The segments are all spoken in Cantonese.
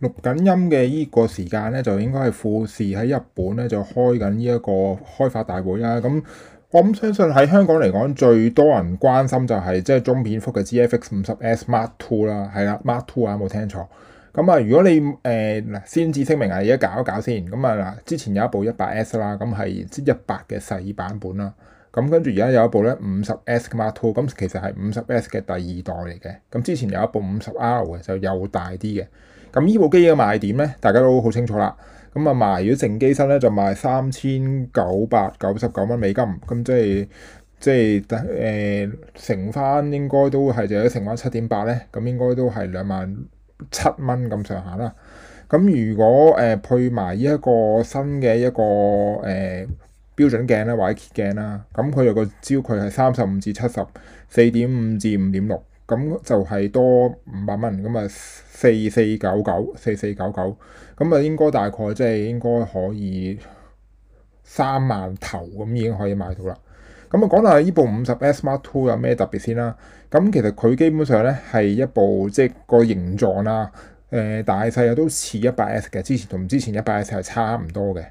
錄緊音嘅依個時間咧，就應該係富士喺日本咧就開緊呢一個開發大會啦。咁我諗相信喺香港嚟講，最多人關心就係即係中片幅嘅 GFX 五十 S Mark Two 啦。係啦，Mark Two 啊，冇聽錯。咁啊，如果你誒、呃、先至聲明啊，而家搞一搞先。咁啊嗱，之前有一部一百 S 啦，咁係即一百嘅細版本啦。咁跟住而家有一部咧五十 S mark two，咁其實係五十 S 嘅第二代嚟嘅。咁之前有一部五十 R 嘅就又大啲嘅。咁呢部機嘅賣點咧，大家都好清楚啦。咁啊賣咗整機身咧，就賣三千九百九十九蚊美金，咁即係即係誒、呃、乘翻應該都係，就係乘翻七點八咧，咁應該都係兩萬七蚊咁上下啦。咁如果誒、呃、配埋呢一個新嘅一個誒。呃標準鏡啦，或者 kit 鏡啦，咁佢又個焦距係三十五至七十四點五至五點六，咁就係多五百蚊，咁啊四四九九四四九九，咁啊應該大概即係應該可以三萬頭咁已經可以買到啦。咁啊講下呢部五十 S Mark Two 有咩特別先啦。咁其實佢基本上咧係一部即係、就是、個形狀啦，誒、呃、大細啊都似一百 S 嘅，之前同之前一百 S 係差唔多嘅。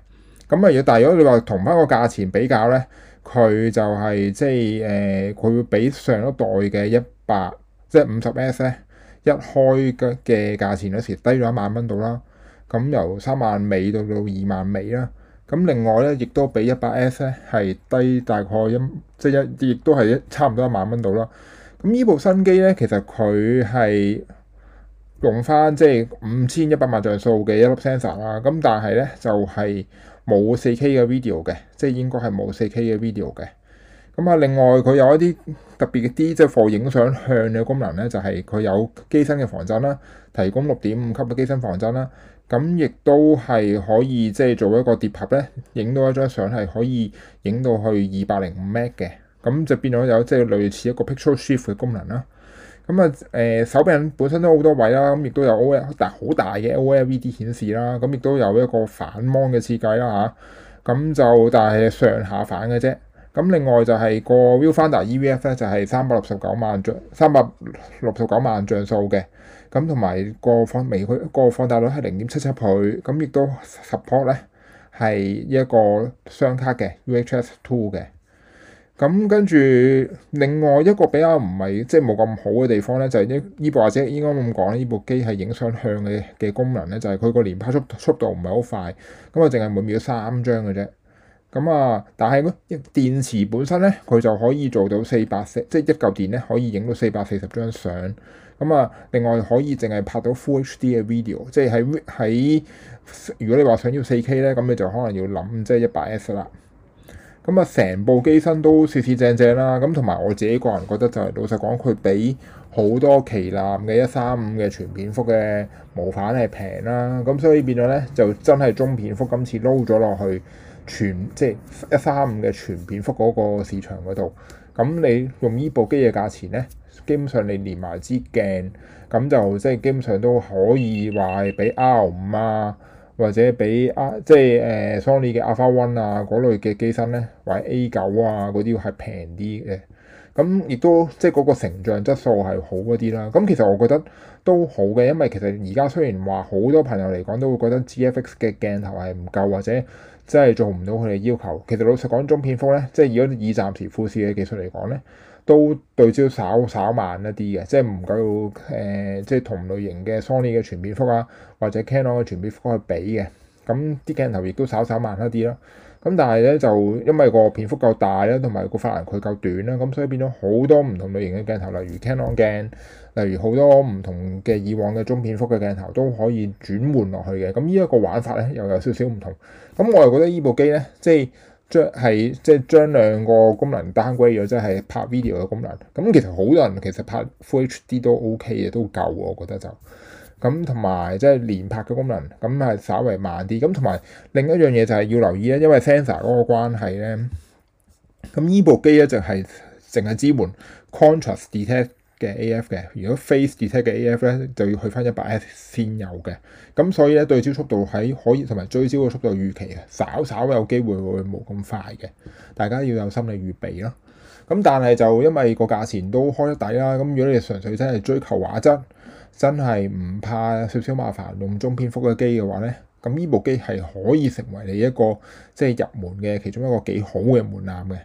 咁啊！如果但係如果你話同翻個價錢比較咧，佢就係、是、即係誒，佢、呃、會比上一代嘅一百即係五十 S 咧一開嘅嘅價錢嗰時低咗一萬蚊度啦。咁、嗯、由三萬尾到到二萬尾啦。咁、嗯、另外咧，亦都比一百 S 咧係低大概一即係一亦都係一差唔多一萬蚊度啦。咁、嗯、呢部新機咧，其實佢係用翻即係五千一百萬像素嘅一粒 sensor 啦、嗯。咁但係咧就係、是。冇四 k 嘅 video 嘅，即係應該係冇四 k 嘅 video 嘅。咁啊，另外佢有一啲特別嘅 D 即係 for 影相向嘅功能咧，就係、是、佢有機身嘅防震啦，提供六點五級嘅機身防震啦。咁亦都係可以即係做一個疊合咧，影到一張相係可以影到去二百零五 M 嘅，咁就變咗有即係類似一個 pixel shift 嘅功能啦。咁啊，誒、呃、手柄本身都好多位啦，咁亦都有 OLED 但好大嘅 OLED 顯示啦，咁亦都有一個反芒嘅設計啦吓，咁、啊、就但係上下反嘅啫。咁另外就係個 Viewfinder EVF 咧，就係三百六十九萬像三百六十九萬像素嘅，咁同埋個放微距、個放大率係零點七七倍，咁亦都 support 咧係一個雙卡嘅 UHS-II 嘅。咁跟住，另外一個比較唔係即係冇咁好嘅地方咧，就係呢呢部或者應該咁講呢部機係影相向嘅嘅功能咧，就係佢個連拍速度速度唔係好快，咁啊，淨係每秒三張嘅啫。咁啊，但係咧，電池本身咧，佢就可以做到四百四，即係一嚿電咧，可以影到四百四十張相。咁啊，另外可以淨係拍到 Full HD 嘅 video，即係喺喺如果你話想要四 K 咧，咁你就可能要諗即係一百 S 啦。咁啊，成、嗯、部機身都四四正正啦，咁同埋我自己個人覺得就係、是、老實講，佢比好多旗艦嘅一三五嘅全片幅嘅無反係平啦，咁、嗯、所以變咗咧就真係中片幅今次撈咗落去全，全即係一三五嘅全片幅嗰個市場嗰度，咁、嗯、你用呢部機嘅價錢咧，基本上你連埋支鏡，咁就即係基本上都可以話係比 R 五啊。或者比阿即係誒 Sony 嘅 Alpha One 啊嗰類嘅機身咧，或者 A 九啊嗰啲係平啲嘅，咁亦都即係嗰個成像質素係好嗰啲啦。咁其實我覺得都好嘅，因為其實而家雖然話好多朋友嚟講都會覺得 GFX 嘅鏡頭係唔夠或者。真係做唔到佢哋要求。其實老實講，中片幅咧，即係如果以暫時富士嘅技術嚟講咧，都對焦稍稍慢一啲嘅，即係唔夠誒，即係同類型嘅 Sony 嘅全片幅啊，或者 Canon 嘅全片幅去比嘅，咁啲鏡頭亦都稍稍慢一啲咯。咁但係咧就因為個片幅夠大啦，同埋個法蘭距夠短啦，咁所以變咗好多唔同類型嘅鏡頭，例如 Canon 鏡，例如好多唔同嘅以往嘅中片幅嘅鏡頭都可以轉換落去嘅。咁呢一個玩法咧又有少少唔同。咁我又覺得呢部機咧，即係將係即係將兩個功能 downgrade 咗，即係拍 video 嘅功能。咁其實好多人其實拍 Full HD 都 OK 嘅，都夠我覺得就。咁同埋即係連拍嘅功能，咁係稍為慢啲。咁同埋另一樣嘢就係要留意咧，因為 Sensor 嗰個關係咧，咁呢部機咧就係淨係支援 Contrast Detect 嘅 AF 嘅。如果 Face Detect 嘅 AF 咧，就要去翻一百 S 先有嘅。咁所以咧對焦速度喺可以同埋追焦嘅速度預期啊，稍稍有機會會冇咁快嘅。大家要有心理預備咯。咁但係就因為個價錢都開得抵啦，咁如果你純粹真係追求畫質。真係唔怕少少麻煩，用中片幅嘅機嘅話咧，咁呢部機係可以成為你一個即係入門嘅其中一個幾好嘅門檻嘅。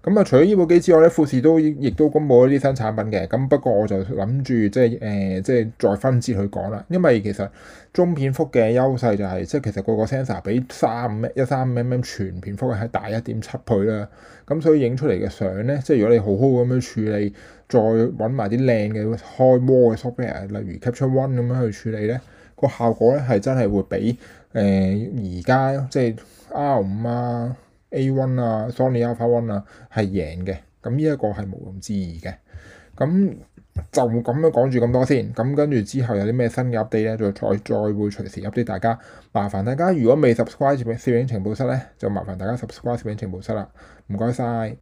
咁啊、嗯，除咗呢部機之外咧，富士都亦都公佈一啲新產品嘅。咁不過我就諗住即係誒，即係、呃、再分支去講啦。因為其實中片幅嘅優勢就係、是、即係其實個個 sensor 比三五一三五 mm 全片幅係大一點七倍啦。咁、嗯、所以影出嚟嘅相咧，即係如果你好好咁樣處理，再揾埋啲靚嘅開 RAW 嘅 software，例如 Capture One 咁樣去處理咧，個效果咧係真係會比誒而家即係 R 五啊。1 A One 啊，Sony Alpha One 啊，係贏嘅，咁呢一個係無容置疑嘅。咁、嗯、就咁樣講住咁多先，咁、嗯、跟住之後有啲咩新嘅 u p d 入地咧，再再再會隨時 update 大家。麻煩大家如果未 subscribe 攝影情報室咧，就麻煩大家 subscribe 攝影情報室啦。唔該晒。